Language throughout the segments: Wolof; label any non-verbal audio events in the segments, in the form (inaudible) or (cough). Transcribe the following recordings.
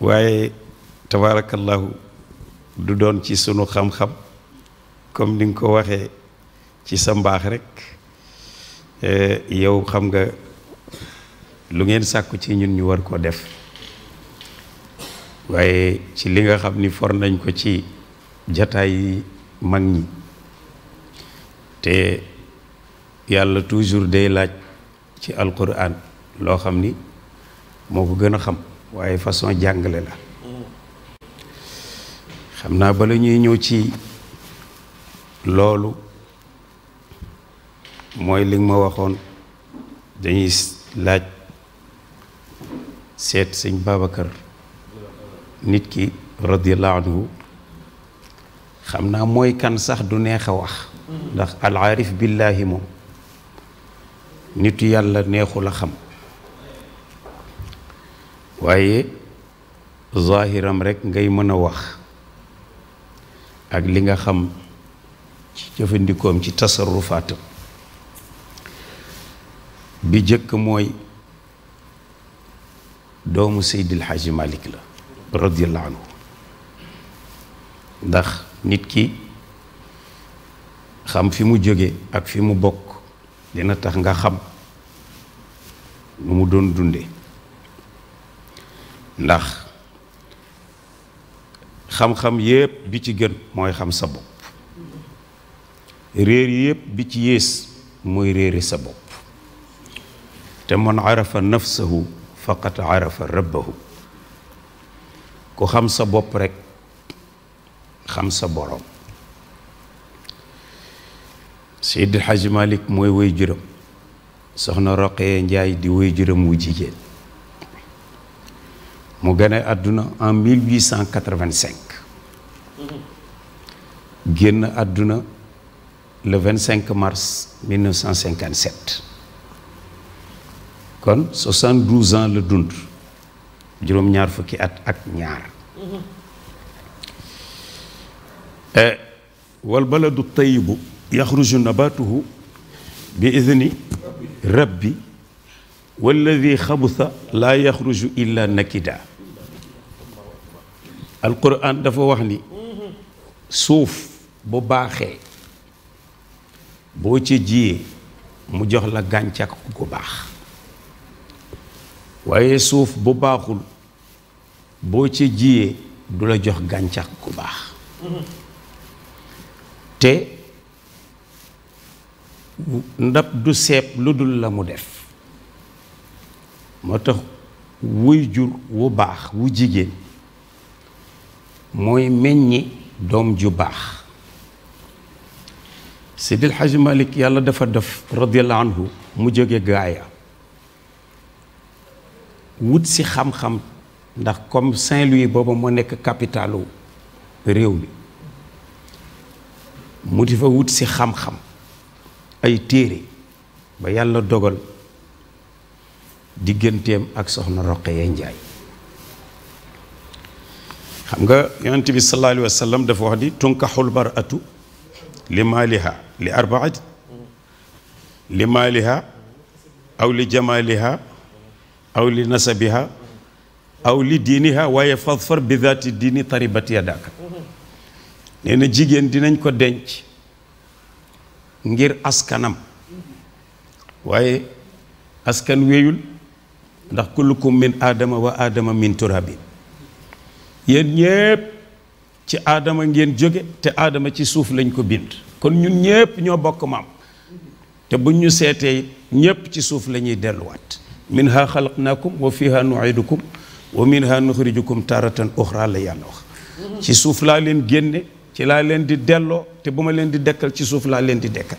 waaye tabaarakallahu du doon ci sunu xam-xam comme ni nga ko waxee ci sa mbaax rek eh, yow xam nga lu ngeen sàkku ci ñun ñu war koo def waaye ci li nga xam ni for nañ ko ci jataay yi mag ñi te yàlla toujours day laaj ci alquran loo xam ni moo ko gën a xam waaye façon jàngale la mm. xam naa bala ñuy ñëw ci loolu mooy li ma waxoon dañuy laaj seet sëñ Babacar nit ki radiallahu anhu xam naa mooy kan sax du neex a wax mm. ndax al aarif billaahi moom nitu yàlla neexul a xam waaye zahiram rekk ngay mën a wax ak li nga xam ci jëfandikoom ci tasarufaatam bi jëkk mooy doomu Seydil Xaaji Malik la radiyallahu anhu ndax nit ki xam fi mu jóge ak fi mu bokk dina tax nga xam nu mu doon dunde ndax xam-xam yépp bi ci gën mooy xam sa bopp réer yépp bi ci yées mooy réeri sa bopp te man arafa nafsahu faqat arafa rabbahu ku xam sa bopp rekk xam sa boroom Seydi Hajji Malik mooy way juróom soxna Roqee Njaay di way juróom wu mu gane àdduna en 1885 génn àdduna le 25 mars 1957 kon 72 ans la dund juróom-ñaar fukki at ak ñaar e, wal baladu tayibu yaxruju nabatuhu bi idni rabbi walladi xabusa laa yaxruju illa nakida alquran dafa wax ni suuf bu baaxee boo ci jiyee mu jox la gàncax gu baax waaye suuf bu baaxul boo ci jiyee du la jox gàncax gu baax te ndab du seeb lu dul la mu def moo tax wuy jur wu baax wu jigéen mooy meññi doom ju baax Seydil Hadji Malick yàlla dafa def radiyallahu anhu mu jóge gaaya wut si xam-xam ndax comme Saint-Louis booba moo nekk capitalu réew mi mu di fa wut si xam-xam ay téere ba yàlla dogal digganteem ak soxna Roqaya Njaay xam nga yonent bi sallallahu alayhi wa dafa wax ni tunkaxul baratu li maaliha li arbaati li maaliha aw li jamaaliha aw li nasabiha aw li diiniha waaye fadfar bi daati diini taribat yadaka nee na jigéen dinañ ko denc ngir askanam waaye askan wéyul ndax kullukum min aadama wa aadama min turabin yéen ñépp ci aadama ngeen jóge te aadama ci suuf lañ ko bind kon ñun ñépp ñoo bokk maam te buñ ñu seetee ñépp ci suuf la ñuy delluwaat minha xalaqnaakum wa fiha nuidukum wa minha nuxrijukum taratan uxra la yàlla wax ci suuf laa leen génne ci laa leen di delloo te bu ma leen di dekkal ci suuf laa leen di dekkal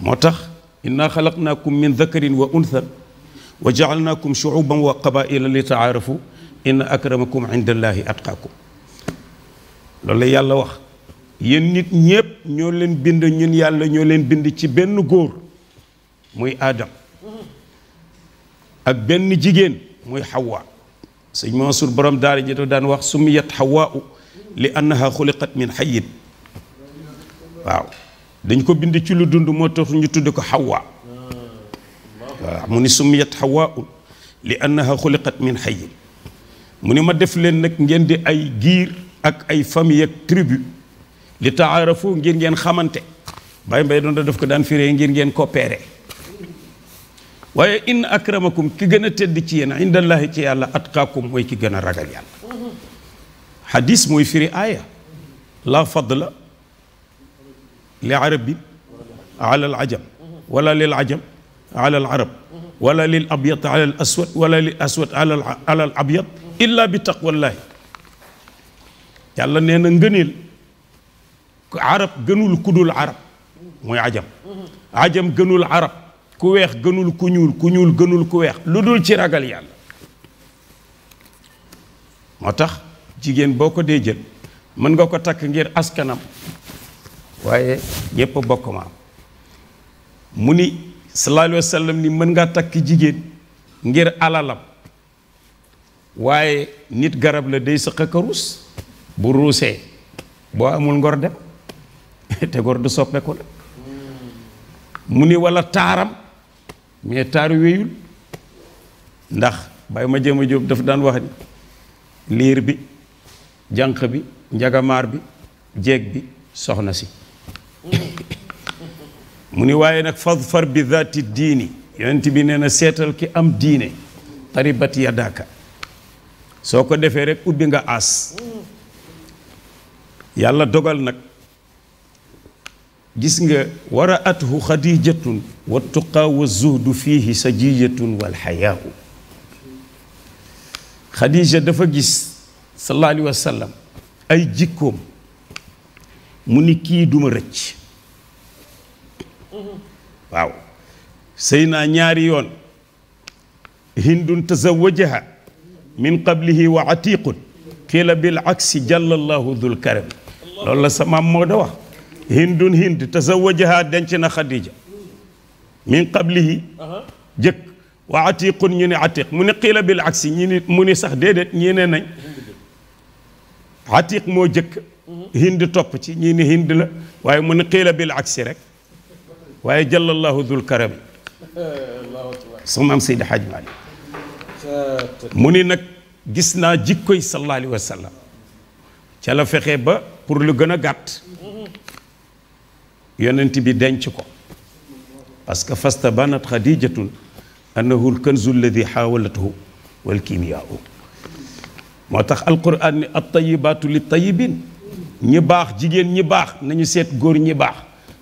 moo tax inna xalaqnaakum min dakarin wa unthan wa jaalnaakum shuuban wa qabaila li taarafu inna akramakum indallahi atqakum loolu yàlla wax yéen nit ñépp ñoo leen bind ñun yàlla ñoo leen bind ci benn góor muy aadam ak benn jigéen muy xawaa ma Mansour borom daara ji daan wax sumiyat xawaau li annaha xuliqat min xayin waaw dañ ko bind ci lu dund moo tax ñu tudd ko xawaa waaw mu ni sumiyat xawaau li annaha xuliqat min xayin mu ni ma def leen nag ngeen di ay giir ak ay famille ak tribu li taarafu ngir ngeen xamante Baye Mbaye doon def ko daan firee ngir ngeen coopéré waaye in akramakum ki gën a tedd ci yéen indallahi ci yàlla atqaakum mooy ki gën a ragal yàlla xadis mooy firi aaya la fadla li arabin ala al ajam wala lil ala ala aswad wala lil aswad ala al abyad illa bi taqwallahi yàlla nee na ngëneel arab gënul kudul arab mooy ajam ajam gënul arab ku weex gënul ku ñuul ku ñuul gënul ku weex lu dul ci ragal yàlla moo tax jigéen boo ko dee jël mën nga ko takk ngir askanam waaye ñépp bokk maam mu ni sallallahu alayhi wa ni mën nga takk jigéen ngir alalam waaye nit garab la day sëq ak ruus bu ruusee boo amul ngor dem (laughs) te ngor du soppeeku la mu ni wala taaram mais taaru wéyul ndax bay ma jéem a jóob daf daan wax ni liir bi jànq bi njagamaar bi jeeg bi soxna si (laughs) mu ni waaye nag fadfar bi zaati diini yonent bi nee na seetal ki am diine taribat yadaka soo ko defee rekk ubbi nga aas yàlla dogal nag gis nga war a athu xadijatun wa tuqaa wa zuhdu fiihi sajiyatun wal xayaau xadija dafa gis sallallahu alayhi wa sallam ay jikkoom mu ni kii duma rëcc waaw sëy naa ñaari yoon hindun tazawajaha min qablihi wa atiqun kiila bil aksi jàllallahu dul karam loolu la sa moo da wax hindun hind tazawajaha denc na xadija min qablihi jëkk wa atiqun ñu ne atiq mu ne xiila bil aksi ñi ni mu ni sax déedéet ñi nañ atiq moo jëkk hind topp ci ñi ni hind la waaye mu ne xiila bil aksi rek waaye jàllallahu dul karam (laughs) su maam Seydi Hadj Malick mu ni nag gis naa jikkoy sallallahu alayhi wa sallam la fexe ba pour lu gën a gàtt yonent bi denc ko parce que fasta banat xadijatun annahu lkanzu alladi xaawalathu walkimiyaau moo tax alquran ni at tayibaatu li ñi baax jigéen ñi baax nañu seet góor ñi baax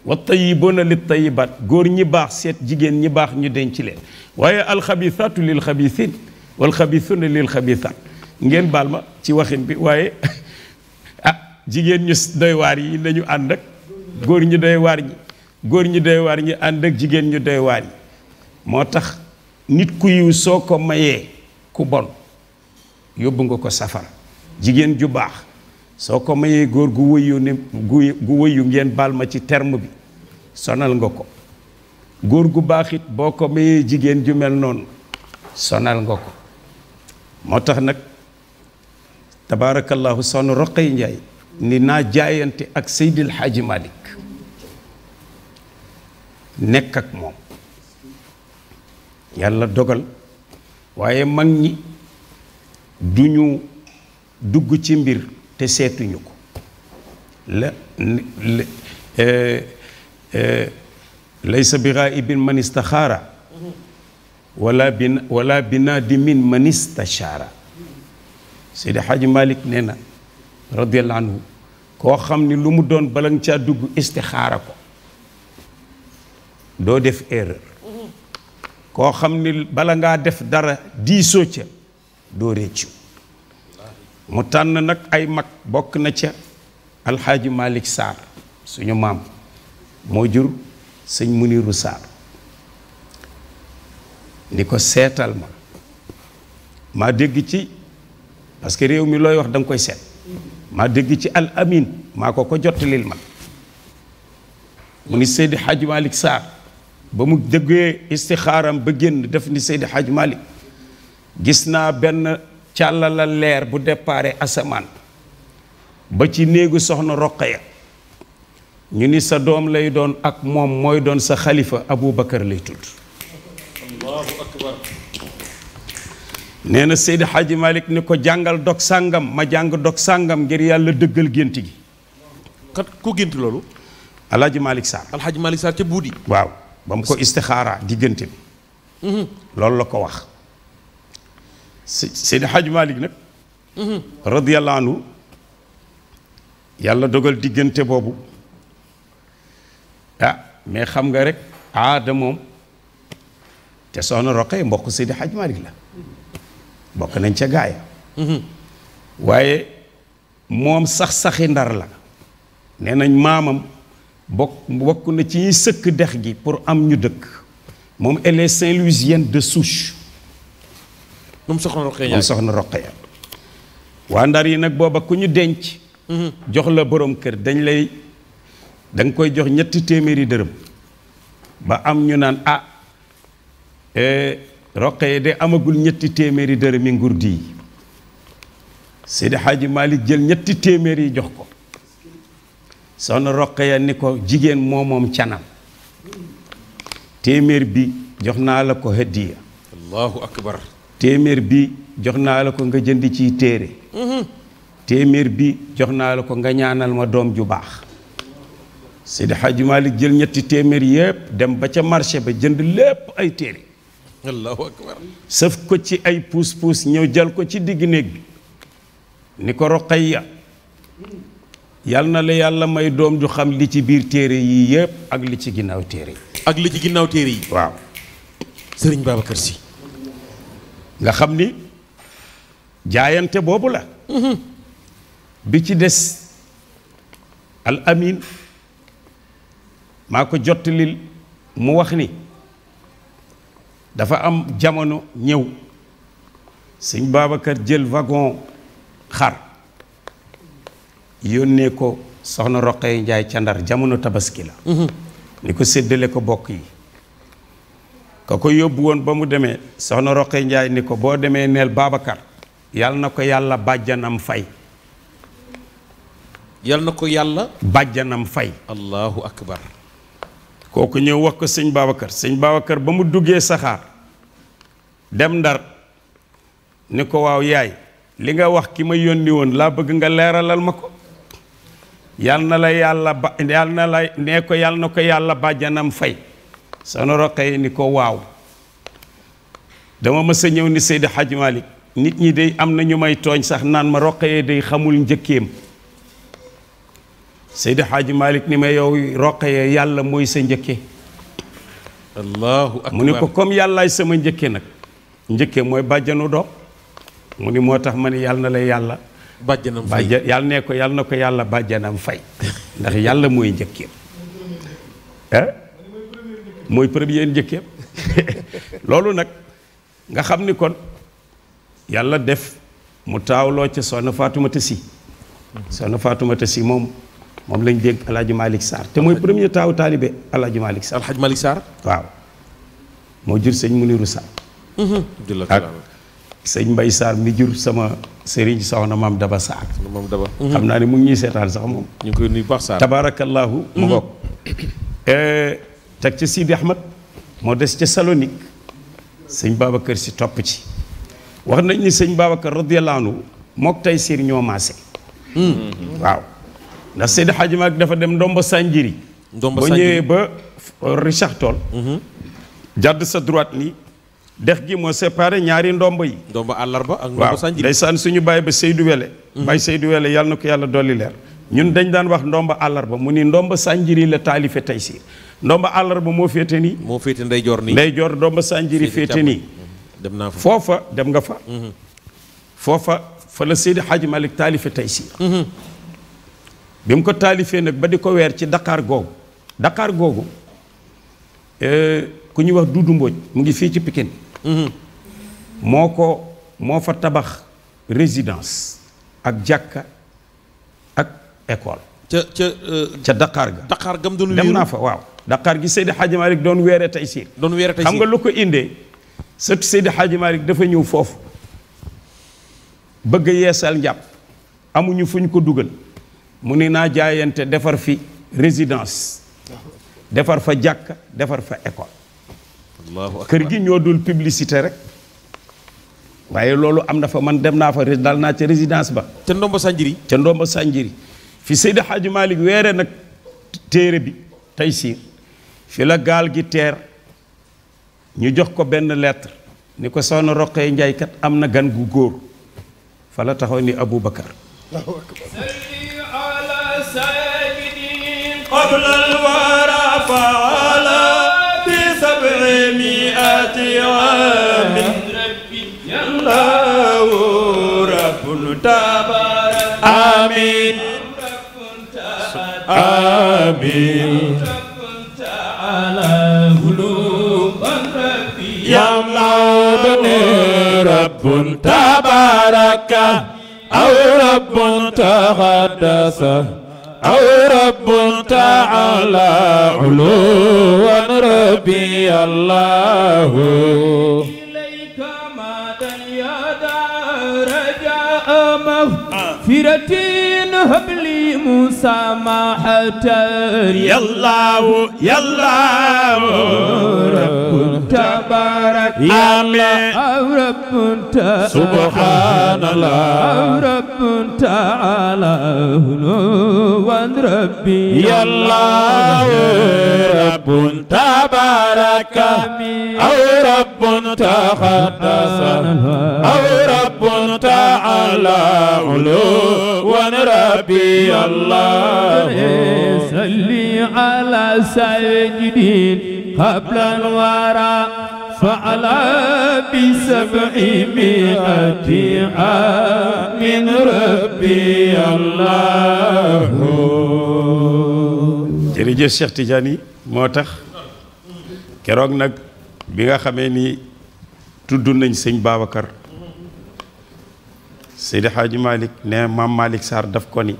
wa tayiboona li tayibaat góor ñi baax seet jigéen ñi baax ñu denc leen waaye alxabisaatu lil xabisin wal xabisuna lil xabisat ngeen baal ma ci waxin bi waaye (laughs) ah jigéen ñu doy waar yi la ànd ak góor ñu doy waar ñi góor ñu doy ànd ak jigéen ñu doy waar ñi moo tax nit ku yiw soo ko mayee ku bon yóbbu nga ko safara jigéen ju baax soo ko mayee góor gu wëyu ne gu wëyu ngeen baal ma ci term bi sonal nga ko góor gu baaxit boo ko mayee jigéen ju mel noonu sonal nga ko moo tax nag tabaarakallahu soxna Roqay Njaay ni naa jaayante ak seydi Xaaji Malik nekk ak moom yàlla dogal waaye mag ñi duñu dugg ci mbir te seetuñu ko la eh, eh, laysa bi ghaibin man istaxaara wala bin wala binaa di min man istachaara Seydi Xaaji Malik nee na radiallahu anhu koo xam ni lu mu doon bala nga caa dugg istixaara ko doo def erreur koo xam ni bala ngaa def dara diisoo ca doo réccu mu tànn nag ay mag bokk na ca alxaaji Malik Sarr suñu maam moo jur sëñ Muniru Sarr ni ko seetal ma maa dégg ci parce que réew mi looy wax danga koy seet maa dégg ci alamin maa ko ko jottalil ma mu ni Seydi Hadj Malick ba mu déggee istixaaram ba génn def ni sedd Hadj Malick gis naa benn càllala leer bu déparé asamaan ba ci néegu soxna Roqaya ñu ni sa doom lay doon ak moom mooy doon sa xalifa abu Aboubacar lay tudd allahu akbar nee na Seydi Hadji Malick ni ko jàngal dog sàngam ma jàng dog sàngam ngir yàlla dëggal gént gi kat ku gént loolu alhaji Malick Sarr alhaji Malick Sarr ca buudi waaw ba mu ko istixaara diggante bi mhm. loolu la ko wax Seydi Hadji Malick nag mhm. radiyallahu yàlla dogal diggante boobu ah mais xam nga rek aada moom te soxna Roqee mbokk Seydi Hajj Malick la bokk nañ ca gaaya mhm. waaye moom sax-saxi ndar la ne nañ maamam bokk bokk na ci ñuy sëkk dex gi pour am ñu dëkk moom elle est Saint-Louisienne de souche moom soxna Roqee moom soxna Roqee waa ndar yi nag booba ku ñu denc mhm. jox la boroom kër dañ lay da koy jox ñetti téeméeri dërëm ba am ñu naan ah Eh, roqee de amagul ñetti téeméeri dërëmi ngurdi yi Seydi Hadji Malick jël ñetti téeméeri yi jox ko soxna roqee ni ko jigéen moo canam téeméer bi jox naa la ko hadiya bi jox naa la ko nga jënd ciy téere mhm. téeméer bi jox naa la ko nga ñaanal ma doom ju baax Seydi Hadji jël ñetti téeméer yépp dem ba ca marché ba jënd lépp ay téere allahu sëf ko ci ay puus puus ñëw jël ko ci digg néeg bi ni ko Roqaya yal na la yàlla may doom ju xam li ci biir téere yii yëpp ak li ci ginnaaw téere yi ak li ci ginnaaw téere yi waaw sëriñ Babacar Sy nga xam ni jaayante boobu la mm-hmm. bi ci des al maa ko jottalil mu wax ni dafa am jamono ñëw sëñ baabakar jël wagon xar yónnee ko soxna Roqee Njaay ca Ndar jamono tabaski la mhm. ni ko séddale ko bokk yi ka ko yóbbu woon ba mu demee soxna Roqee Njaay ni ko boo demee neel Babacar yàlla na ko yàlla bàjjanam fay yàlla na ko yàlla bàjjanam fay allahu akbar kooku ñëw wax ko sëñ Babacar sëñ Babacar ba mu duggee saxaar dem ndar ni ko waaw yaay li nga wax ki ma yónni woon laa bëgg nga leeralal ma ko yal na la yàlla ba yal na la nee ko yal na ko yàlla bàjjanam fay sono roqee ni ko waaw dama mësa a ñëw ni Seydi Hadj nit ñi day am na ñu may tooñ sax naan ma roqee day xamul njëkkeem Seydi Xaaji malik ni ma yow roqee yàlla mooy sa njëkke allahu akbar mu ni ko comme yàllaay sama njëkkee nag njëkkee mooy bàjjanu doom mu ni moo tax ma ni yàlla na la yàlla bàjjanam fay yàlla ne ko yàlla na ko yàlla bàjjanam fay ndax yàlla mooy njëkkeem eh? mooy premier njëkkeem (laughs) loolu nag nga xam ni kon yàlla def mu taawloo ca soxna Faatumata Si soxna Faatumata Si moom moom lañ dégg El Hadj Malick Sarr te mooy premier taawu taalibe El Hadj Malick Sarr. El waaw moo jur sëñ Mounirou Sarr. Mhm. ak sëñ Mbaye mi jur sama sëriñ soxna maam Daba Sarr. maam mhm. xam naa ne mu ngi ñuy seetaan sax moom. ñu ngi koy nuyu baax Sarr. tabaarakallaahu. Mhm. Eh, moo des ca Salonique sëñ Babacar si topp ci wax nañ ni sëñ Babacar radiyallaahu anhu mook tey siir ñoo maase. waaw. ndax Seydi Hadji Malick dafa dem ndomba Sanjiri. ndomba ba ñëwee ba Richard tool mhm. jàdd sa droite nii. dex gi moo séparé ñaari ndomb yi. ndomb àllarba ak ndomb Sanjiri waaw ndeysaan suñu bàyyi ba Seydou Wele. Mhm. bàyyi Seydou yàlla na ko yàlla dolli leer. ñun dañ daan wax ndomba àllarba mu ni ndomba Sanjiri la taalife tey si ndomba àllarba moo féete nii. moo féete ndeyjoor nii ndeyjoor ndomba Sanjiri féete nii. Mhm. dem naa foofa dem nga fa. foofa fa la Seydi Hadji Malick taalife tey bi mu ko taalifee nag ba di ko weer ci daqaar googu Dakar googu euh, ku ñuy wax Duudu Mbóoj mu ngi fii ci pikin mhm. moo ko moo fa tabax résidence ak jàkka ak école ca ca euh, ca Dakar ga Dakar gam doon dem naa fa waaw daqaar gi Seydi Hadji Malick doon weere tey siir doon weere xam nga lu ko indee sët Seydi Hadji dafa ñëw foofu bëgg yeesal njàpp amuñu fu ñu ko dugal mu ni naa jaayante defar fi résidence defar fa jàkka defar fa école kër gi ñoo dul publicité rek waaye loolu am na fa man dem naa fa dal naa ca résidence ba ca ndomba sànjiri ca ndomba sànjiri fi Seydi Hadji Malick weere nag téere bi Taysiir fi la gaal gi teer ñu jox ko benn lettre ni ko soxna Roqee Njaay kat am na gan gu góor fa la taxaw ni Aboubacar قبل الورى فعلى بسبعمائة عام الله رب تبارك آمين آمين تعالى قلوبا ربي يا الله رب تبارك أو رب تقدس أو رب تعالى علوا ربي الله إليك مادا يا دار رجاء مغفرتي سمحت يا الله يا الله رب تبارك آمين رب سبحان الله رب تعالى هنوان ربي يا الله رب تبارك أو رب تقدس أو رب رب تعالى علو ونربي الله صلي على سيدين قبل الورى فعلى بسبع مئة من ربي الله jërëjëf Cheikh Tidiane moo tax keroog nag bi nga xamee ni tudd nañ sëñ Babacar Seydi Hadji Malick ne maam Malick Sarr daf ko ni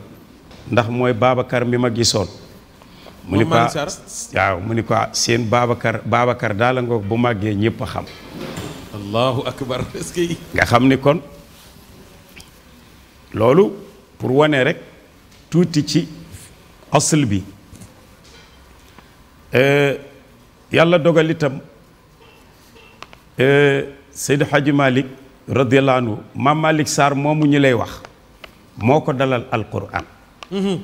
ndax mooy Babacar mi ma gisoon mu ni ko ah waaw mu ni ko ah, seen Babacar Babacar daala ngoog bu màggee ñëpp a xam (laughs) nga xam ni kon loolu pour wane rek tuuti ci asl bi euh, yàlla dogal itam euh, Seydi Hadji Malick radiyallahu anhu maam Malick Sarr moomu ñu lay wax moo ko dalal alquran mm-hmm.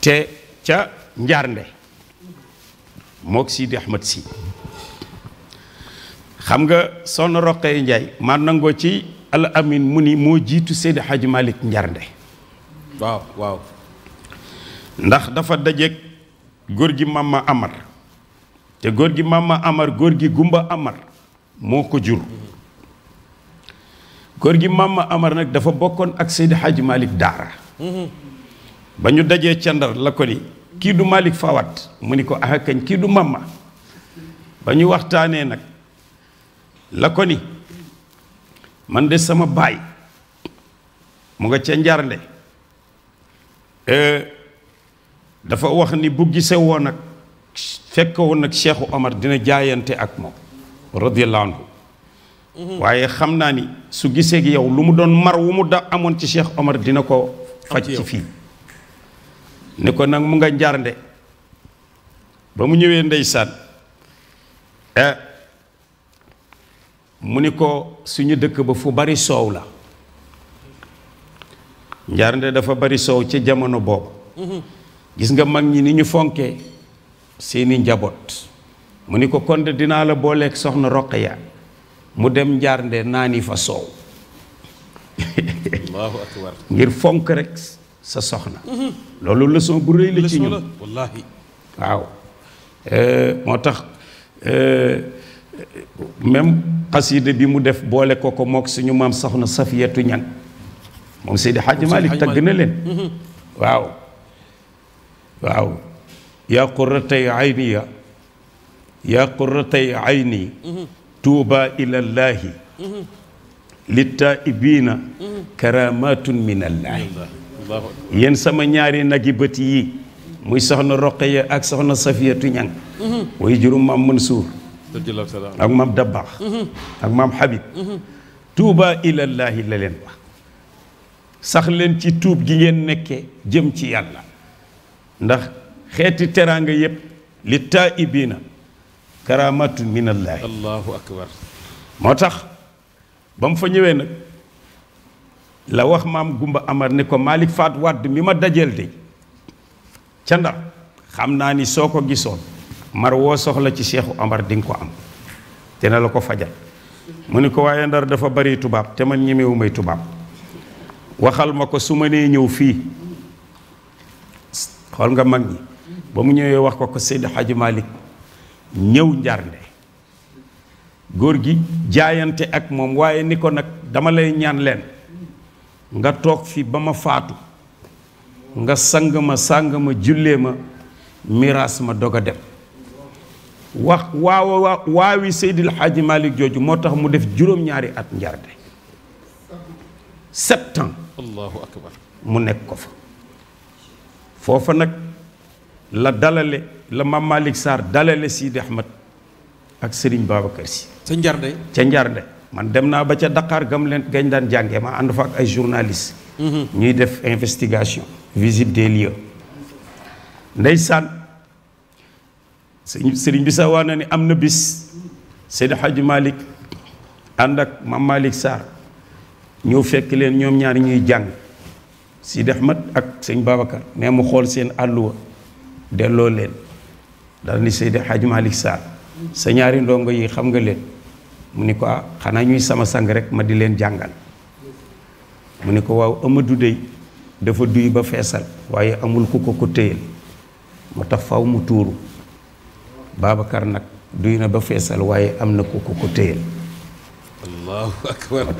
te ca njarnde mook Sidi Ahmad si xam nga soxna Roqee Njaay ma nangoo ci al amin mu ni moo jiitu Seydi Hadji njarnde waaw waaw ndax dafa dajeeg góor gi Mama Amar te góor gi Mama Amar góor gi Gumba Amar moo ko jur mm-hmm. góor gi maam ma Amar nag dafa bokkoon ak Seydi Hadji Malick Daara. Mhm. ba ñu dajee ca Ndar la ko ni kii du malik Fawat mu ni ko ah kañ kii du maam ma ba ñu waxtaanee nag la ko ni man de sama baay mu nga ca njarnde e, dafa wax ni bu gisee woon ak fekk woon ak Cheikh Omar dina jaayante ak moom radiyallahu anhu Mhm. waaye xam naa ni su gisee ak yow lu mu doon mar wu mu da amoon ci Cheikh Omar dina ko faj ci fii ni ko nag mu nga njarnde ba mu ñëwee ndeysaan eh, mu ni ko suñu dëkk ba fu bari soow la njarnde dafa bari soow ca jamono boobu mhm. gis nga mag ñi ni ñu fonke seeni njaboot mu ni ko kon dinaa la booleeg soxna Roqaya mu dem njaarnde naani fa soow ngir fonk rek sa soxna loolu leçon bu rëy la ci ñun waaw eh, moo tax eh, même xasida bi mu def boole ko ko mook suñu maam soxna safiyatu ñan moom Seydi Hadji Malick na leen mm-hmm. waaw waaw yaa quratay ayni ya yaa quratay ayni mm-hmm. tuuba ilallaahi littaa'ibiina karaamatun minallaahi yéen sama ñaari nag yi bët yi muy soxna Roqaya ak soxna Safiyatu Ñang way juróom maam Mansuur ak maam Dabbax ak maam Habib tuuba ilallaahi la leen wax sax leen ci tuub gi ngeen nekke jëm ci yàlla ndax xeeti teraanga yépp littaa'ibiina karaamatu minallaahi allahu akbar moo tax ba mu fa ñëwee nag la wax maam Gumba Amar ni ko malik Faat Wàdd mi ma dajeel de ca Ndar xam naa ni soo ko gisoon mar woo soxla ci Seexu Amar di ko am te na la ko fajal mu ni ko waaye Ndar dafa bari tubaab te man ñemewu may tubaab waxal ma ko su ma nee ñëw fii xool nga mag ñi ba mu ñëwee wax ko ko Seydi Hadji Malick ñëw njarnde góor gi jaayante ak moom waaye ni ko nag dama lay ñaan leen nga toog fi ba ma faatu nga sang ma sàng ma jullee ma miraas ma dog a dem wax waaw waawi Seydil Hadji Malick jooju moo tax mu def juróom-ñaari at njarde sept mu nekk ko fa foofa nag la dalale la maam Malick Sarr dalale Sidi Ahmed ak Serigne Babacar Sy. ca Njarde ca Njarde man dem naa ba ca Dakar gam leen gañ daan jàngee ma ànd fa ak ay journaliste mhm. ñuy def investigation. visite des lieux. ndeysaan sëñ Serigne bi sax wax ni am na bis Seydi Hadji Malick ànd ak maam Malick Sarr ñëw fekk leen ñoom ñaar ñuy jàng Sidi Ahmed ak sëñ Babacar nee mu xool seen àlluwa delloo leen. daal ni Seydi Hadj Malick Sall sa ñaari ndongo yi xam nga leen mu ni ko ah, xanaa ñuy sama sang rek ma di leen jàngal mu ni ko waaw Amadou dey dafa duy ba feesal waaye amul ku ko ko téyel moo tax faw mu tuuru Babacar nag duy na ba feesal waaye am na ku ko ko téyel allahu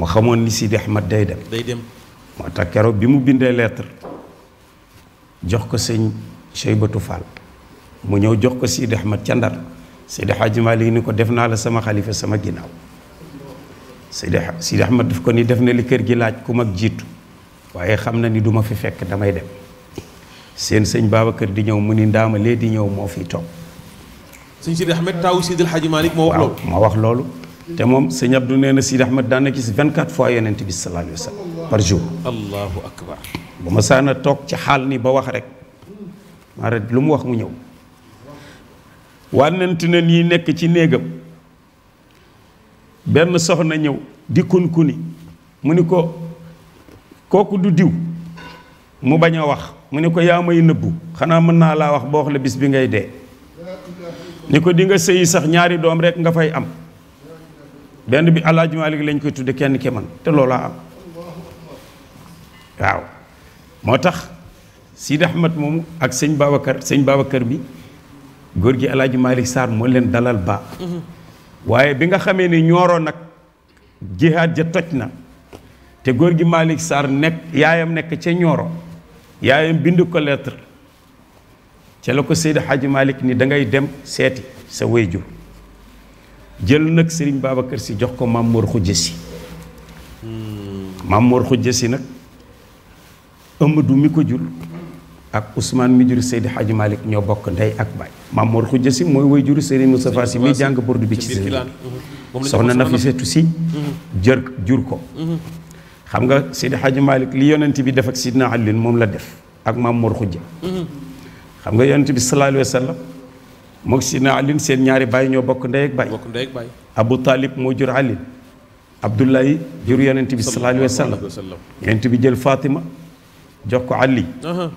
mu xamoon ni Sidi Ahmad day dem day dem moo tax keroog bi mu bindee lettre jox ko sëñ Cheybatu Fall mu ñëw jox ko Sidi Ahmad ca Ndar Sidi Hadji Malick ni ko def naa la sama xalifa sama ginnaaw Sidi Sidi Ahmad daf ko nii def na li kër gi laaj ku mag jiitu waaye xam na ni duma fi fekk damay dem seen sëñ kër di ñëw mu ni ndaama lee di ñëw moo fi toog. sëñ Sidi Ahmed taawu Sidi Hadji Malick moo wax loolu moo wax loolu. te moom sëñ Abdou nee na Sidi Ahmed daan na gis 24 fois yonent bi sallallahu alayhi wa sallam par jour. allahu ma saana toog ci xaal ni ba wax rek. maa lu mu wax mu ñëw. wànnante ne nii nekk ci néegam benn soxna ñëw di kunkuni mu ni ko kooku du diw mu bañ a wax mu ni ko yaa may nëbbu xanaa mën naa laa wax boo wax la bis bi ngay dee ni ko di nga sëyi sax ñaari doom rekk nga fay am benn bi Alaaji Maalik lañ koy tudde kenn ki man te loolaa am waaw moo tax Sidi Ahmed moomu ak sëñ Babacar sëñ Babacar bi góor gi El Hadj Malick Sarr leen dalal ba waaye bi nga xamee ni ñooro nag jihaad ja toj na te góor gi Malick Sarr nekk yaayam nekk ca ñooro yaayam bind ko lettre ca la ko Seydi Hadj Malick ni dangay dem seeti sa wéyjur jël nag Serigne Babacar Sy jox ko Mamour Khoudia Sy hmm. Mamour Khoudia Sy nag ëmb du mi ko jul ak Ousmane mi jur Seydi Hadji Malick ñoo bokk ndey ak baay Mamour Khoudia si mooy way juru Serigne Moustapha si mi jàng burdu bi ci Serigne soxna Nafisatou si mm-hmm. jër jur ko mm-hmm. xam nga Seydi Hadji Malick li yonent bi def ak Sidna Ali moom la def ak Mamour Khoudia mm-hmm. xam nga yonent bi sallallahu alayhi wa sallam mook Sidna Ali seen ñaari baay ñoo bokk ndey ak baay Abu Talib moo jur Ali Abdoulaye jur yonent bi sallallahu alayhi wa sallam yonent bi jël Fatima jox ko Ali uh-huh.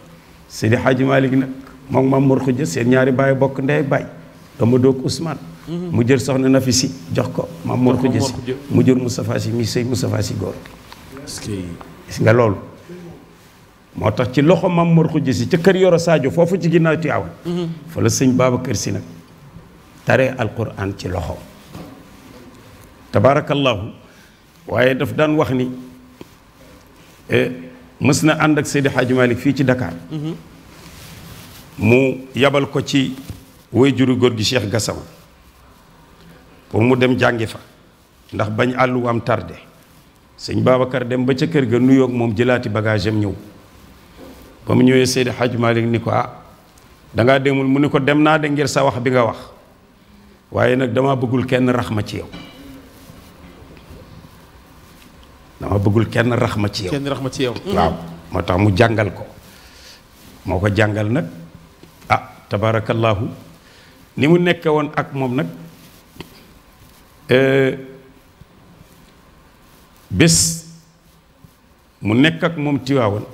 Seydi Hadji Malick nag moom Maam Mor Khoudia seen ñaari baay bokk ndey baay ama doog Ousmane mm-hmm. mu jël soxna Nafi si jox ko Maam Mor Khoudia si mu jur mu si mi sëy si góor gis nga loolu moo tax ci loxo Maam Mor Khoudia si ca kër Yoro Sadio foofu ci ginnaaw Tiwaawan mm-hmm. fa la sëñ kër si nag al alquran ci loxo tabaarakallaahu waaye daf daan wax ni eh, mës na ànd ak Seydi Hadji Malick fii ci Dakar mu yabal ko ci waajuru góor gi Cheikh Gassama pour mu dem jàngi fa ndax bañ àllu am tardé sëñ Babacar dem ba ca kër ga nuyook moom jëlaati bagage ñëw ba mu ñëwee Seydi Hadji Malick ni ko ah dangaa demul mu ni ko dem naa de ngir sa wax bi nga wax waaye nag dama bëggul kenn rax ma ci yow dama bëggul kenn rax ma ci yow rax ma ci yow. Mm-hmm. waaw moo tax mu jàngal ko moo ko jàngal nag ah tabaarakallaahu ni mu nekke woon ak moom nag euh, bés mu nekk ak moom tiwaawoon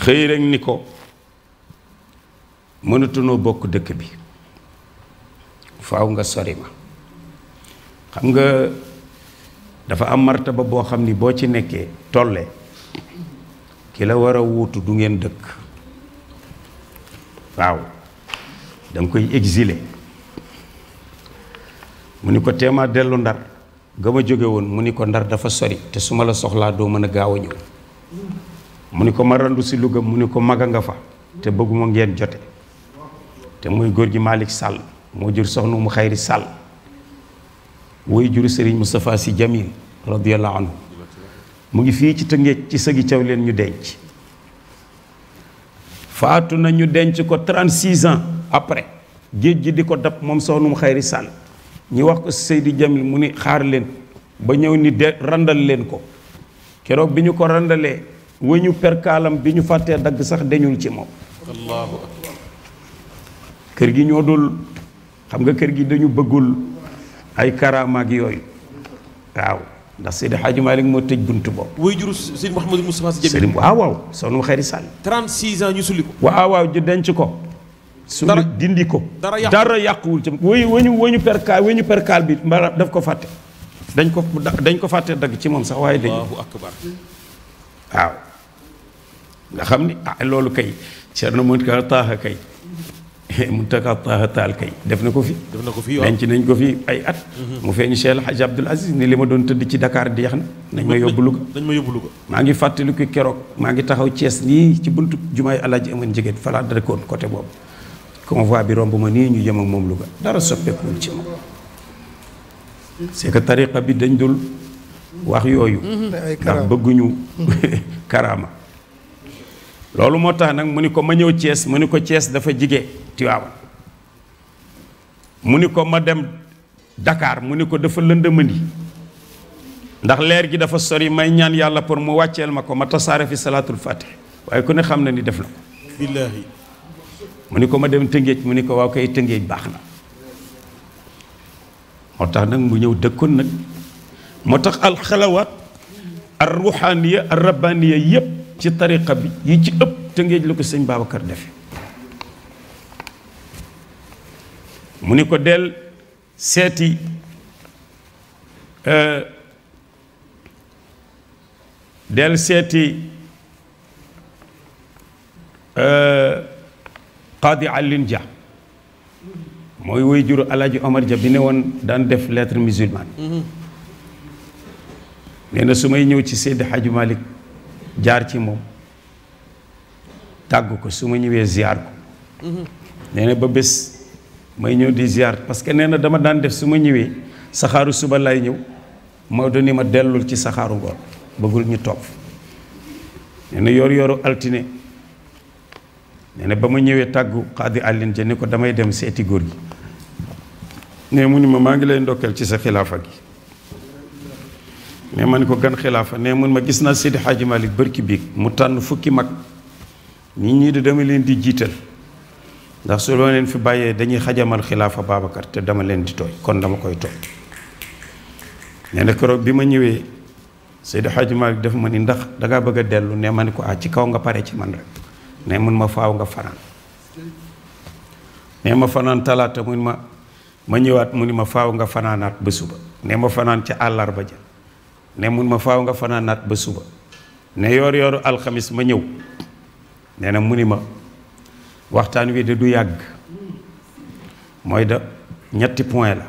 xëy rek ni ko mënatunoo bokk dëkk bi faaw nga sori ma xam nga dafa am marta ba boo xam ni boo ci nekkee tolle ki la war a wuutu du ngeen dëkk waaw da koy exilé mu ni ko teema dellu ndar ga ma jóge woon mu ni ko ndar dafa sori te suma la soxlaa doo mën a gaaw a ñëw mu ni ko ma randu si Louga mu ni ko mag a nga fa te bëgguma ngeen jote te muy góor gi Malick Sall moo jur soxna mu xayri Sall woy juru sëriñ Moustapha Sy Jamil radiallahu anhu mu ngi fii ci Tëngéej ci sëgi caw leen ñu denc faatu na ñu denc ko 36 ans après géej gi di ko dab moom soxnum xayri sàll ñu wax ko Seydi Jamil mu ni xaar leen ba ñëw ni de randal leen ko keroog bi ñu ko randalee wëñu perkaalam bi ñu fàttee dagg sax deñul ci moom kër gi ñoo dul xam nga kër gi dañu bëggul ay karaamaak yooyu waaw ndax Seydi Hadji Malick moo tëj buntu boobu. wuyu juru Seydi Mouhamadou Moustapha Sy Djamil Seydi waaw waaw sonum xëy na sànni. 36 ans ñu sulli ko. waaw waaw ju denc ko. dara sulli dindi ko. dara yàquwul dara yàquwul ca. wëñu wëñu wëñu perkaal wëñu perkaal bi mbaa daf ko fàtte. dañ ko dañ ko fàtte dagg ci moom sax waaye dañu. waaw akbar waaw. nga xam ni ah, loolu kay. Thierno Mountakha Taaha kay. (laughs) Mountakha Taha Taal kay def na ko fi. def na ko fi denc nañ ko fi ay at. mu feeñ Cheikh El Hadj Abdoul ni li ma doon tëdd ci Dakar di yax na. nañ ma yóbbu Louga nañ maa ngi fàttaliku keroog maa ngi taxaw Thiès nii ci buntu jumaay El Hadj Aman Njigéen fa da koon côté boobu. convoi bi romb ma nii ñu jëm ak moom Louga dara soppeekuwul ci ma. c'est tariqa bi dañ dul wax yooyu. Mm-hmm. ndax bëgguñu mm-hmm. (laughs) karaama. loolu moo tax nag mu ni ko ma ñëw cees mu ni ko cees dafa jige Tiwaawan mu ni ko ma dem dakaar mu ni ko dafa lëndëmandi ndax leer gi dafa sori may ñaan yàlla pour mu wàcceel ma ko ma tasaare fi salaatul fàtte waaye ku ne xam na ni def la ko billaahi mu ni ko ma dem tëngéej mu ni ko waaw koy tëngéej baax na moo tax nag mu ñëw dëkkoon nag moo tax alxalawaat ar ruxaaniya ar rabbaaniya yépp ci tariqa bi yi ci ëpp tëngéej la ko sëñ Babacar defe mu ni ko dell seeti del seeti euh, euh, Qadi Alioune mooy woy juru Alaaji Omar Dia bi ne woon daan def lettre musulmane mm-hmm. nee na su may ñëw ci Seydi Hadji Malick jaar ci moom tàggu ko su ma ñëwee ziar ko nee ba bés may ñëw di ziar parce que nee na dama daan def su ma ñëwee saxaaru suba lay ñëw Maodo ni ma dellul ci saxaaru ngoon bëggul ñu toog nee na yor yoru altine nee na ba ma ñëwee tàggu xaadi àllin ja ko damay dem seeti góor gi ne mu ni ma maa ngi lay ndokkeel ci sa xilaafa gi ne ma ni ko gan xilaafa ne mun ma gis naa Seydi Hadji Malick bërki biig mu tànn fukki mag ñii di dama leen di jiital ndax su loo leen fi bàyyee dañuy xajamal xilaafa Babacar te dama leen di tooy kon dama koy tooy nee na bi ma ñëwee Seydi Hadji Malick def ma ni ndax dangaa bëgg a dellu ne ma ni ko ah ci kaw nga pare ci man rek ne mun ma faaw nga fanaan ne ma fanaan talaata mun ma ma ñëwaat mu ni ma faaw nga fanaanaat ba suba nee ma fanaan ca àllarba ja ne mun ma faaw nga fanaanaat ba suba ne yoor yooru alxamis ma ñëw nee na mu ma waxtaan wi de du yàgg mooy da ñetti point la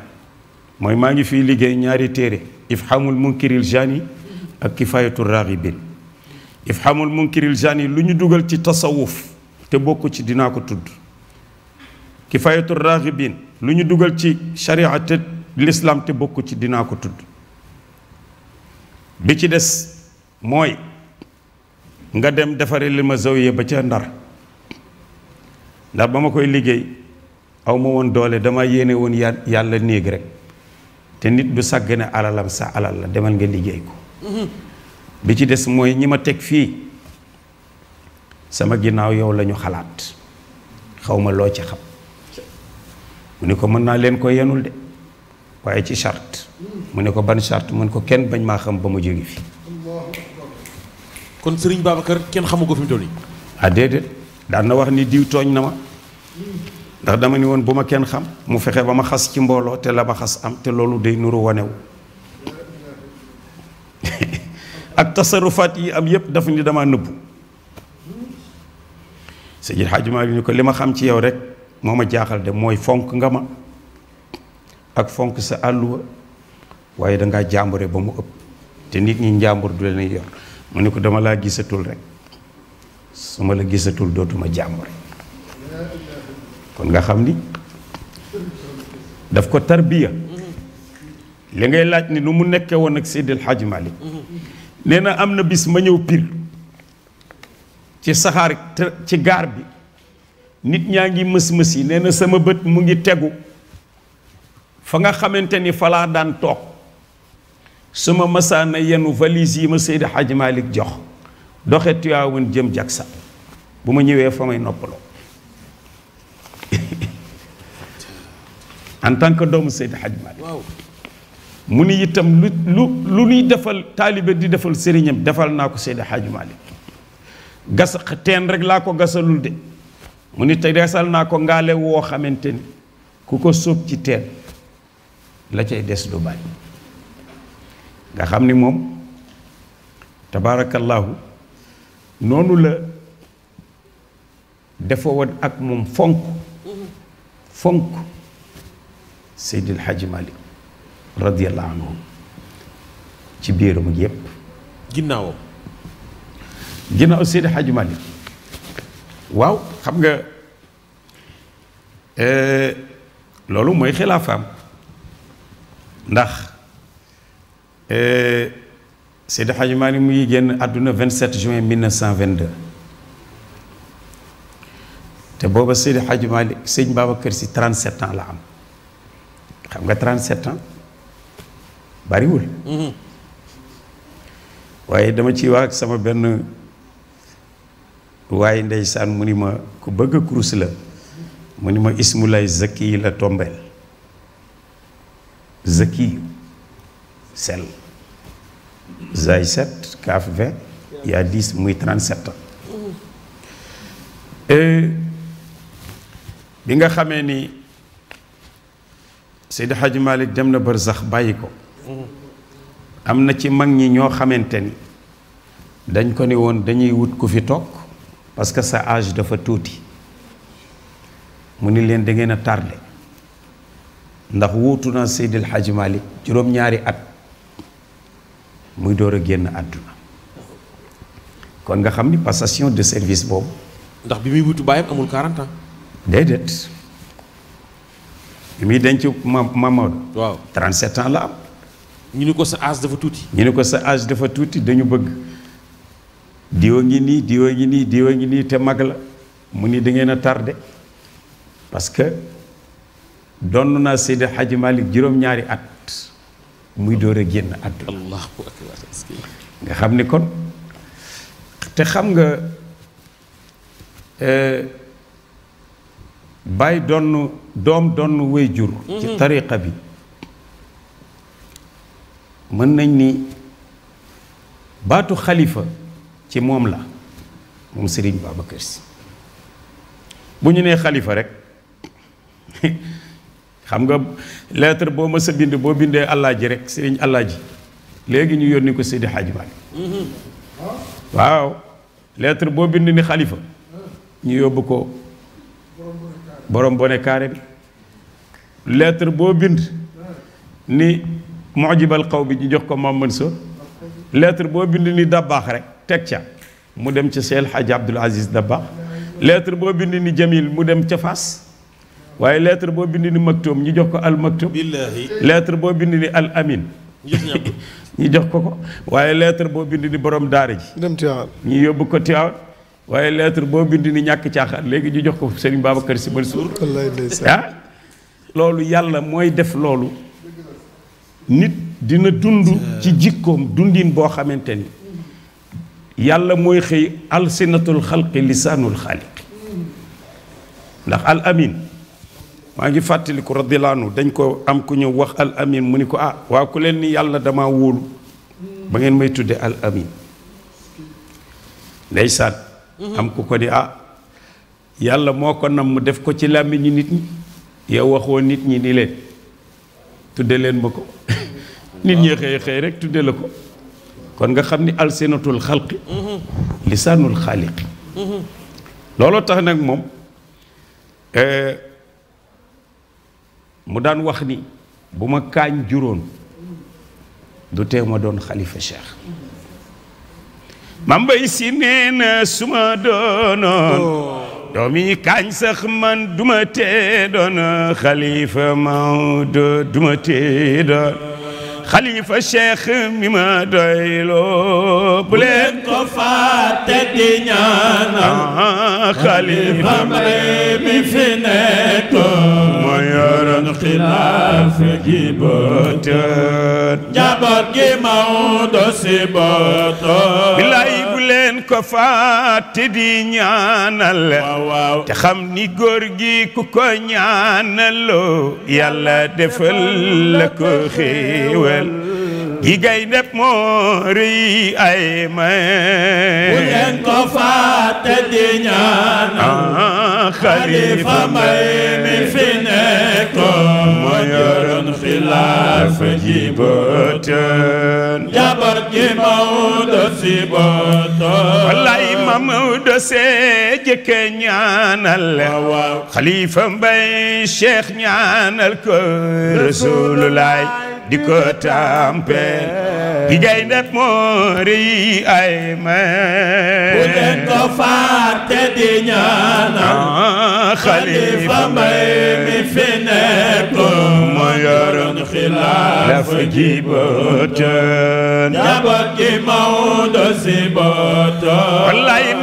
mooy maa ngi fii liggéey ñaari téere xamul munkiril jani ak kifayatul raghibin xamul munkiril jani lu ñu dugal ci tasawuf te bokk ci dinaa ko tudd kifayatul raghibin lu ñu dugal ci shariatul l'islam te bokk ci dinaa ko tudd bi ci des mooy nga dem defaree li ma zawiya ba ca ndar ndax ba ma koy liggéey aw woon doole dama yéene woon yàlla néeg rek te nit du sàggane alalam sa alal la demal nga liggéey ko bi ci des mooy ñi ma teg fii sama ginnaaw yow lañu xalaat xaw ma loo ci xam mu ni ko mën naa leen ko yenul de waaye ci charte mu ne ko ban charte mu ne ko kenn bañ maa xam ba ma jóge fi. kon Serigne Babacar kenn xamu ko fi mu toll nii. ah déedéet daan na wax ni diw tooñ na ma ndax dama ni woon bu ma kenn xam mu fexe ba ma xas ci mbooloo te la ma xas am te loolu day nuru wanewu (laughs) ak tasarufaat yi am yépp dafa ni dama nëbbu Seydi Hadji Malick ni ko li ma xam ci yow rek moo ma jaaxal de mooy fonk nga ma ak fonk sa àlluwa waaye dangaa jàmbure ba mu ëpp te nit ñi njàmbur du leen yor mu ne ko dama laa gisatul rek su ma la gisatul dootuma jàmbure kon nga xam ni daf ko tarbiya li ngay laaj ni lu mu nekkee woon ak Seydil Hadj Malick nee na am na bis ma ñëw Pire ci saxaar ci gaar bi nit ñaa ngi mës-mës yi nee na sama bët mu ngi tegu fa nga xamante ni fa laa daan toog suma ma masaana yenu valise yi ma Seydi Hadj Malick jox doxe Tiwaawan jëm Jaksa bu ma ñëwee fa may noppaloo en tant que doomu Seydi Hadj Malick mu ni itam lu lu lu defal taalibe di defal sëriñam defal naa ko Seydi Hadj Malick gas teen rek laa ko gasalul de mu ni te desal naa ko ngaale woo xamante ni ku ko sóob ci teen la cay des du bari nga xam ni moom tabaarakallaahu noonu la dafa woon ak moom fonk fonk Seydil Hadji mali radiyallahu anhu ci biiram yépp ginnaawam ginnaaw Seydil Hadji Malick waaw xam nga eh, loolu mooy xilaafaam ndax Euh, Seydi Hadji Malick mu génn àdduna vingt 27 juin 1922 te booba Seydi Hadji Malick sëñ Babacar Sy 37 ans la am xam nga 37 ans bariwul. Mhm. waaye dama ci wax ak sama benn waaye ndeysaan mu ni ma ku bëgg kurus la mu ni ma Ismulaay Zaki la tombeel Zaki. sell Zaï 7 CAF 20 yaa 10 muy 37. bi nga xamee ni Seydi Hadji Malick dem na sax bàyyi ko. am na ci mag ñi ñoo xamante ni dañ ko ni woon dañuy wut ku fi toog parce que sa âge dafa tuuti mu ni leen da ngeen a tardé ndax wuutu na Seydil xajumali Malick juróom-ñaari at. muy door a génn àdduna kon nga xam ni passation de service boobu. ndax bi muy wutu baayam amul 40 ans. déedéet bi muy denc ma Mamadou. waaw 37 ans la am. ñu ni ko sa âge dafa tuuti. ñu ni ko sa âge dafa tuuti dañu bëgg diwa ngi nii diwa ngi nii diwa ngi nii te mag la mu ni da ngeen a tardé parce que donn naa Seydi Hadji Malick juróom-ñaari at. muy door a génn àdduna nga xam ni kon te xam nga euh, bàyyi donn doom donn way jur ci mhm. tariqa bi mën nañ ni baatu xalifa ci moom la moom Serigne Babacar Sy bu ñu nee xalifa rek (laughs) xam nga lettre boo mës a bind boo bindee Alaaji rek sëriñ Alaaji léegi ñu yónni ko Seydi Hadji Malick waaw lettre boo bind ni xalifa ñu yóbbu ko borom bone carré bi lettre boo bind ni jibal xaw bi ñu jox ko Mame Mansour lettre boo bind ni dabbaax rek teg ca mu dem ca Seydi Hadji Abdoul Aziz Dabbaax lettre boo bind ni Jamil mu dem ca Fass waaye lettre boo bind ni maktum ñi jox ko al maktum lettre boo bind ni al amin (laughs) ñi jox ko ko waaye lettre boo bind ni borom daara ji ñi yóbbu ko Tiwaawan waaye lettre boo bind ni ñàkk caaxaan léegi ñu jox ko Serigne Babacar Sy Mansour ah loolu yàlla mooy def loolu nit dina dund ci jikkoom dundin boo xamante ni yàlla mooy xëy alsinatul xalqi lisaanul xaaliqi ndax al amin maa ngi fàttaliku radiyallaahu anhu dañ ko am ku ñëw wax al amin mu ni ko ah waa ku leen ni yàlla dama wóolu ba ngeen may tudde al amin ndeysaan am ku ko ni ah yàlla moo ko nam mu def ko ci làmmiñu nit ñi yow waxoo nit ñi ni leen tudde leen ma ko (laughs) nit ñi xëy xëy rek tudde la ko kon nga xam ni alsinatul xalqi lisaanul xaaliqi mm-hmm. looloo tax nag moom eh, mu daan wax ni bu ma kaañ juróon du tee ma doon xalifa cheikh ma mbay si nee na su ma doonoon oh. kaañ sax man duma tee doon xalifa Maodo duma tee doon xalifa cheikh mi ma doyloo ko fàtte di ñaanal xalifa ah, mbay mi fi nekkoon moo yoroon xilaaf gi bootoon njaboot gi Maodo si bootoon bilaay bu leen ko fàtte di ñaanal waaw te xam ni góor gi ku ko ñaanaloo yàlla defal la ko xéewal yi gaynde moo rëy ay may bu leen ko fàtte di ñaanal ah, xalifa may mi fi nekkoon moo yoroon xilaafa ji bëtën jabar ji Maodo si bëtën wallaay ma Maodo see jëkke ñaanal xalifa mbay cheikh ñaanal ko rasulullaay di ko tàmpe gi gaynde moo rëy ay may bu leen di ñaanal xalifa ah, mbay mi fi nekkoon moo yoroon xilaaf gi bëtoon njaboot gi Maodo si bëtoon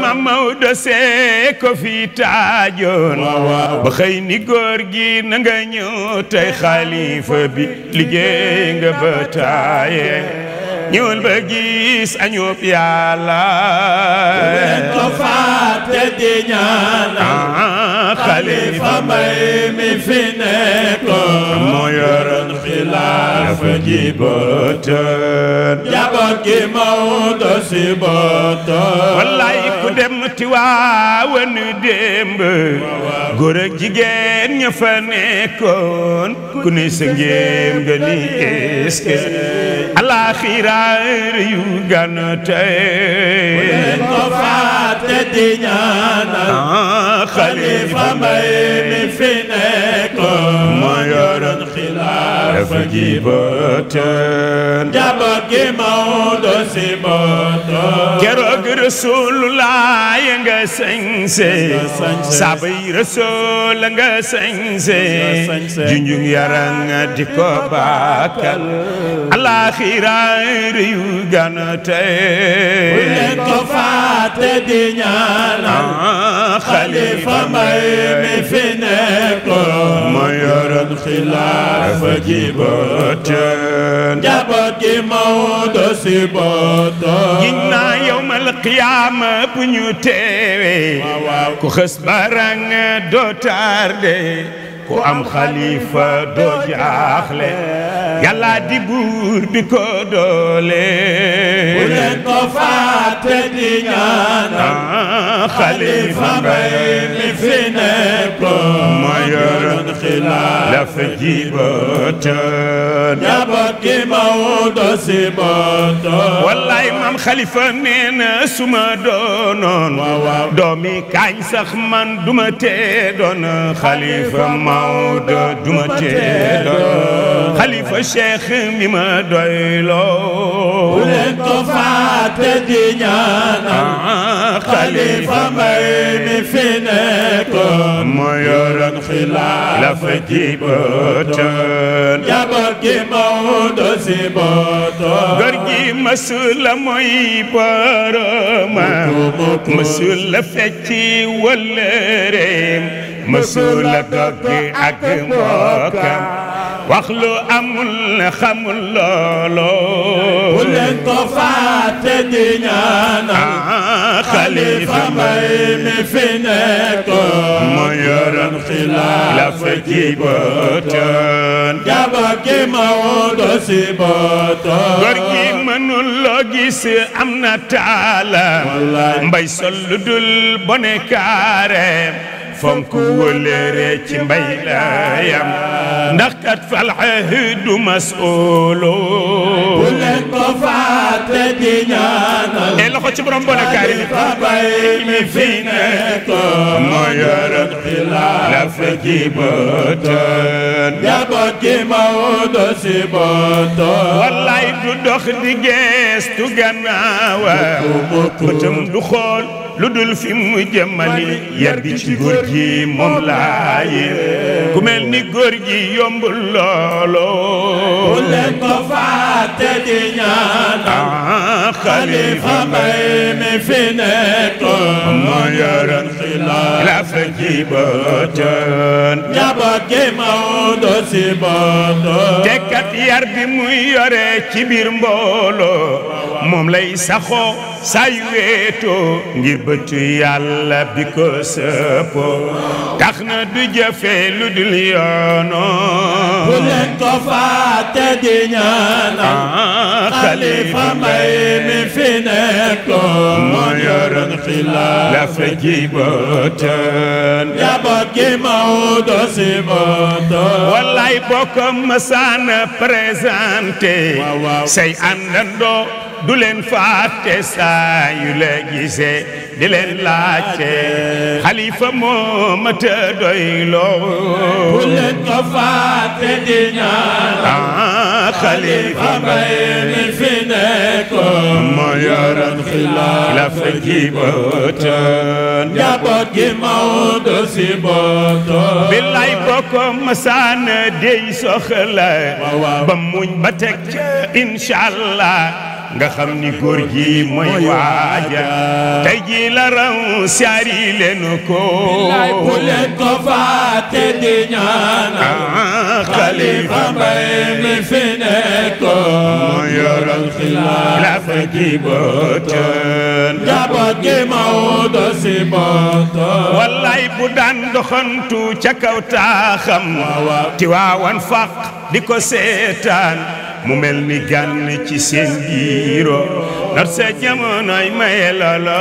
ma Maodo see ko fi ba xëy ni góor gi na nga ñëw tey xalifa bi liggéey ba taayee ñuul ba gis añub yàlla ko fàtte di ñaanal xalifa ah, mbay mi fi nekkoon moo xilaaf ji bootoon gi Maodo si ku dem Tiwaawan démb góor ak jigéen ña fa ku ne sa ngéem nga ni est-ce que alaxira yu gan tey ko fàtte di ñaanal ah, xalifa mbay mi fi nekkoon moo yoroon xilaafa gi bëtoon jaboot gi Maodo si bëtoon keroog Rasulullah baay nga sañse nga sañse junjung yaranga di ko baakal alaxira yu gana tey bu leen ko faate xalifa mbay mi fi nekkoon xilaafa gi bootoon njaboot gi Maodo si bootoon ginnaaw yawmal qiyaama bu ku xës barang doo tardé ku am xalifa doo jaaxle yàlla di buur bi ko doole bu leen ko fàtte di ñaanal ah, xalifa mbay mi fi nekkoon ma yoroon xilaaf ji bëtoon njaboot gi Maodo si bëtoon wallaay maam xalifa nee su ma doonoon doomi kaañ sax man duma tee doon xalifa ma Maodo duma tee doon xalifa cheikh mi ma doyloo. bu leen ko fàtte di ñaanal. xalifa ah, mbay mi fi nekkoon. moo yoroon xilaafa ji bootoon. njaboot gi Maodo si bootoon. góor gi masula mooy boroomam. masula fecci wëllëreem. mësula doggi ak mbokkam wax lu amul xamul loolu bu leen ko fàtte di ñaanal ah, xalifa mbay mi fi nekkoon mu yoroon xilaafa ci bëtoon jaba gi Maodo si bëtoon góor gi mënul loo gis am na taala mbay sol bone kaare fonk wëlëree ci mbay laayam ndax kat fal ahdu masuulo bu leen ko fàtte di ñaanal e loxo ci borom boole kaari mi xabay mi fi nekk moo yore xilaaf ji bëtoon njaboot gi Maodo si bëtoon wallaay du dox di geestu gannaawam bëtam du xool lu dul fi mu jëmali yar bi ci góor gi moom mel ni góor gi yombul looloo. leen ko te di ñaanal xalifa mbay mi fi nekkoon moo yoroon xilaafa ji bootoon njaboot gi Maodo si bootoon yar bi muy yore ci mbooloo moom lay saxoo saa weetoo ngir bëtu bi ko sëppoo tax na du dul yoonoo bu ko fàtte di ñaanal xalifa mbay mi fi nekkoon moo yoroon xilaafa gi bootoon njaboot gi Maodo si bootoon wallaay boo ko mësaana présenté say àndandoo du leen fàtte saa yu la gisee di leen laajte xalifa moo mat a doy loo bu leen ko fàtte di ñaan xalifa حرمين في نكم يرى خلاف جيبوتن يا بوكي مود سيبوتن بالله بوكم مسان دي سخلا بمون بتك ان شاء الله nga xam ni góor gi mooy la raw saari leen ko lay bu leen ko faate di ñaanal xalifa ah, mbay mi fi nekkoon mu yoral xilaafa gi bëtoon njaboot gi Maodo wallaay bu daan doxantu ca kaw taaxam ti waawan faq di ko seetaan mu mel ni gànn ci seen yiiroo nar sa jamonoy maye lolo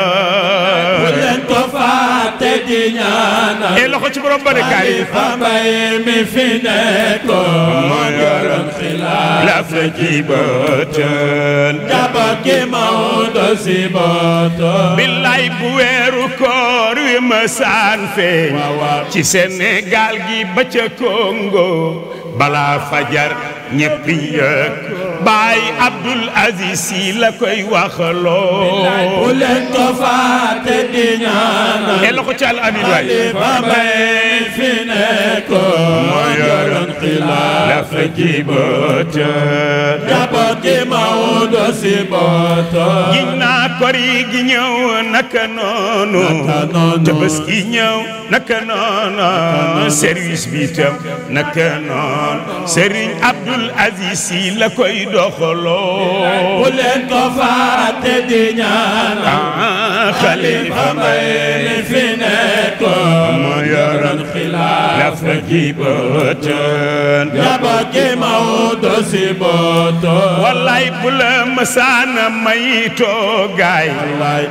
bu leen ko fàtte di ñaanal e loxo ci borom bari kaari fa mbay mi fi nekkoon moo yoroon xilaaf la ci bëtën jabar gi Maodo si bëtën billaay bu weeru koor wi ma saan feeñ ci Sénégal gi ba ca Congo balaa fajar ñépp yëg baay Abdul Aziz la koy waxaloo bu leen ko fàtte di ñaanal el ko ci al amin ba bay fi lafa jiboota jabati Maodo si boota giñ naa kori gi ñëw naka noonu tabaski ñëw naka noonu service bi tam naka Aziz Sy la koy doxaloo bu leen ko faate di ñaan xalifa ah, may fi nekkoon la fa jabaki mawdo si boto wallaay bu la mësaana mayitoo gaay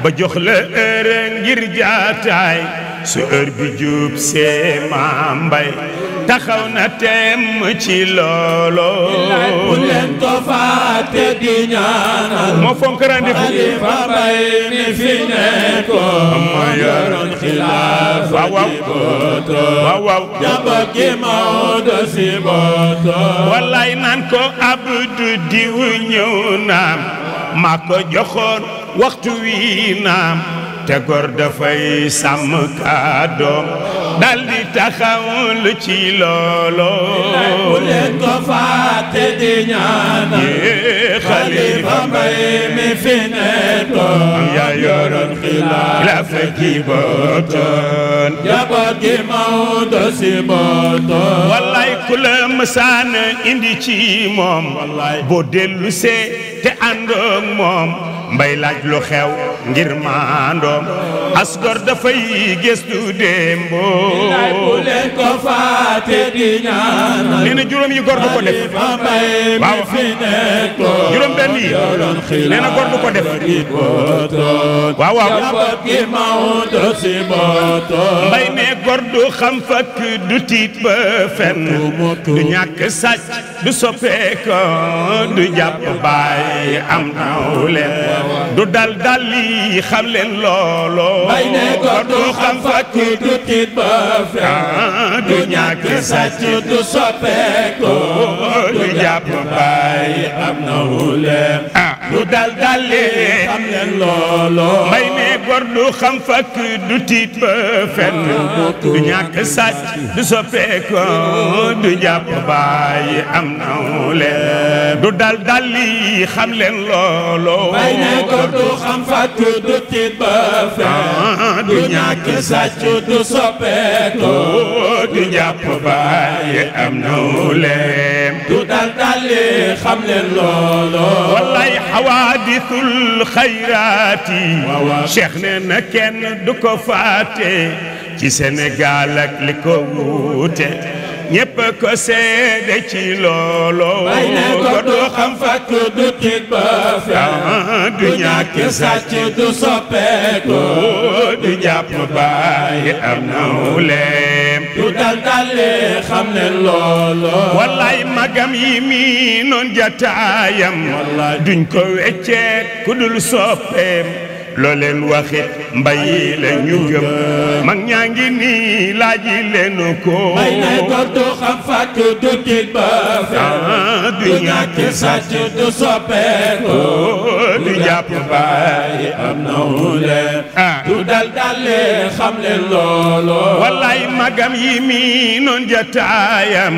ba jox la ëre ngir su heure bi jub see maam mbay taxaw na tem ci loolo bu leen tofaate di ñaanal moo fonk randi fu xalifa mbay mi fi nekkoon ma yoroon xilaaf waaw waaw waaw jàmba gi Maodo si boto wallaay naan ko abdu diw ñëw naam maa ko joxoon waxtu wi naam te góor dafay sàmm kàddoom daldi taxawul ci looloo bu leen ko fàtte di ñaanal xalifa mbay mi fi nekkoon yaa yoroon xilaafa gi bootoon jaboot gi Maodo si bootoon wallaay ku la mësaan indi ci moom boo dellusee te àndoog moom mbay laaj lu xew ngir maandoom asgor dafay gëstu démboo lay bu leen ko faate di ñaanal nee na juróom yi gor ko def waaw juróom benn yi nee na gor ko def waaw waaw mbay ne gor du xam fakk du tiit ba du ñàkk sàcc du soppeeko du jàpp baay am naw leen du dal dal yi xam leen looloo bay ne ko du xam du tiit ba fekk du ñàkk sàcc du soppeeku du jàpp bàyyi am na wuleem lu dal dalee xam leen looloo may ne góor du xam du tiit ba fenn du ñàkk sàcc du du jàpp bàyyi am naw leen du dal dalli xam leen looloo du xam fakk du tiit ba fenn du ñàkk sàcc du du jàpp bàyyi du dal dalli xam looloo xawaadisul xayraati cheikh ne na kenn du ko faate ci Sénégal li ko wuute ñépp ko seede ci loolo bay ne ko du xam du tiit ba feew ah, du ñàkk sàcc du soppeeku du jàpp baay am nawle taltale xam ne loolo wallaay magam yi mi noon jataayam duñ ko weccee ku dul soppeem loo leen waxit mbay la ñu gëm mag ñaa ngi nii laaji leenu ko may ne dootu xam fàcc du tiit ba fen ah, du ñàkk sàcc du du jàpp bàyyi am na wule ah. du dal dalle xam leen loolu wallaay magam yi mi noon jataayam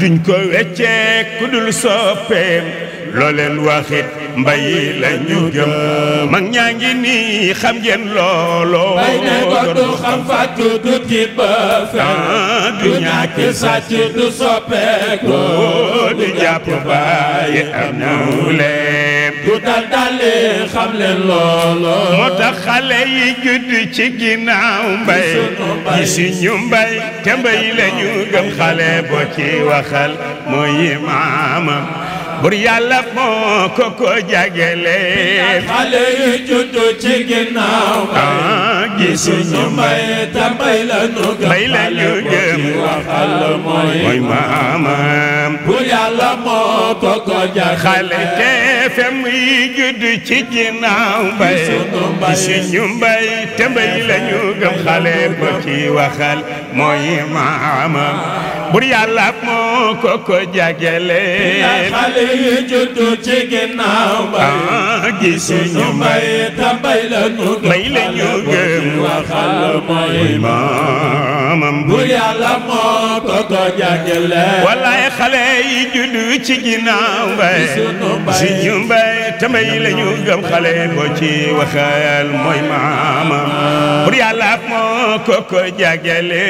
duñ ko weccee ku dul soppeem loo leen waxit mbay la gëm mag ñaa ngi nii xam ngeen loolo mbay ne ko du xam fàccu du tiit ba fen ah, du ñàkk sàcc du soppeeku oh, du jàpp bàyyi am nawleem du dal dale xam leen loolo moo tax xale yi judd ci ginnaaw mbay gi si ñu mbay te mbay la gëm xale boo ci waxal mooy maamam bur yàlla moo ko ko jagele xale yu juddu ci ginnaaw gisuñu mbay te mbay la ñu gëm mbay la ñu gëm waxal mooy maamam bur yàlla moo xale TFM ci ginnaaw mbay mooy maamam bur yàlla moo ko ko jagele xale yu juddu ci ginnaaw bay ah, gisuñu mbay ta mbay la ñu mbay la ñu gëm waxal mooy maamam bur yàlla moo ko ko jagele wallaay xale yi juddu ci ginnaaw bay gisuñu mbay te mbay la ñu gëm xale boo mooy maamam pour yàlla moo ko ko jagale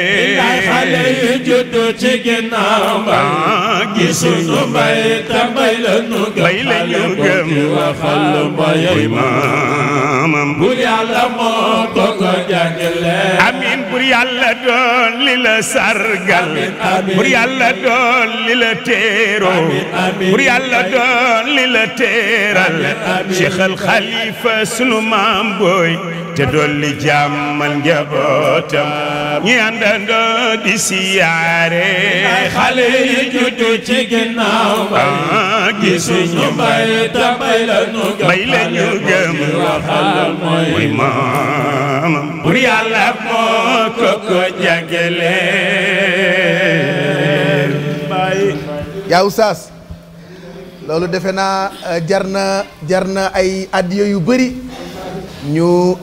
xale yu juddu ci ginnaaw mbay ah, gisuñu mbay te mbay la ñu gëm mbay la ñu gëm waxal mooy maamam pour yàlla moo ko amin pour yàlla dolli la sargal bur la téero bur yàlla dolli la téeral Cheikhal Khalifa sunu maam booy te dolli jàmmal njabootam ñi àndandoo di siyaare xale yi juddu ci ginnaaw bay ah, gisuñu bay te bay la ñu gëm bay la ñu gëm waxal mooy maamam bur yàlla moo ko jagleen bay yaa oustaz loolu defe naa eh, jar na jar na ay addiyo yu bëri ñu